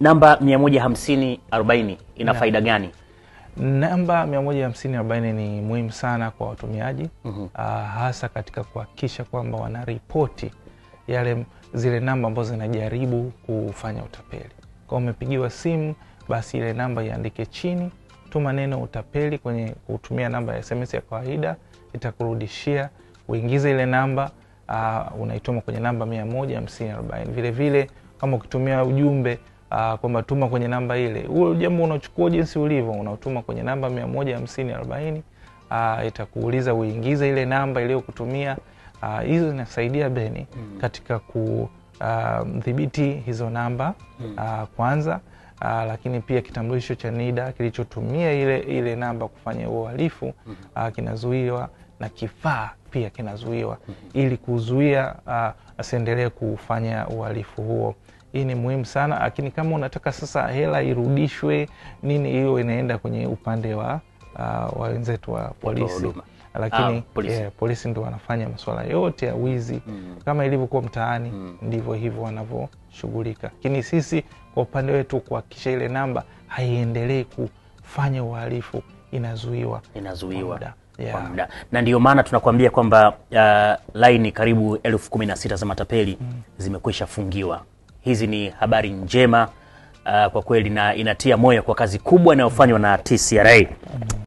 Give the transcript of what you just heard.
Namba 15040 ina faida gani? Namba 15040 ni muhimu sana kwa watumiaji Uh, hasa katika kuhakikisha kwamba wanaripoti yale zile namba ambazo zinajaribu kufanya utapeli. Kwa umepigiwa simu, basi ile namba iandike chini tuma neno utapeli kwenye kutumia namba ya SMS ya kawaida, itakurudishia uingize ile namba uh, unaituma kwenye namba mia Vile vile kama ukitumia ujumbe uh, kwamba tuma kwenye namba ile, huo jambo unachukua jinsi ulivyo, unautuma kwenye namba mia Uh, itakuuliza uingize ile namba iliyokutumia. Uh, hizo uh, zinasaidia Beni mm. katika kudhibiti uh, hizo namba mm. uh, kwanza Aa, ah, lakini pia kitambulisho cha NIDA kilichotumia ile ile namba kufanya uhalifu mm -hmm. kinazuiwa na kifaa pia kinazuiwa mm -hmm. ili kuzuia ah, asiendelee kufanya uhalifu huo. Hii ni muhimu sana, lakini kama unataka sasa hela irudishwe nini, hiyo inaenda kwenye upande wa uh, wa wenzetu wa polisi lakini ah, polisi, yeah, polisi ndo wanafanya masuala yote ya wizi mm. kama ilivyokuwa mtaani mm. ndivyo hivyo wanavyoshughulika, lakini sisi kwa upande wetu kuhakikisha ile namba haiendelei kufanya uhalifu inazuiwa, inazuiwa kwa muda yeah. na ndio maana tunakuambia kwamba uh, laini karibu elfu kumi na sita za matapeli mm. zimekwisha fungiwa. Hizi ni habari njema uh, kwa kweli na inatia moyo kwa kazi kubwa inayofanywa na TCRA mm.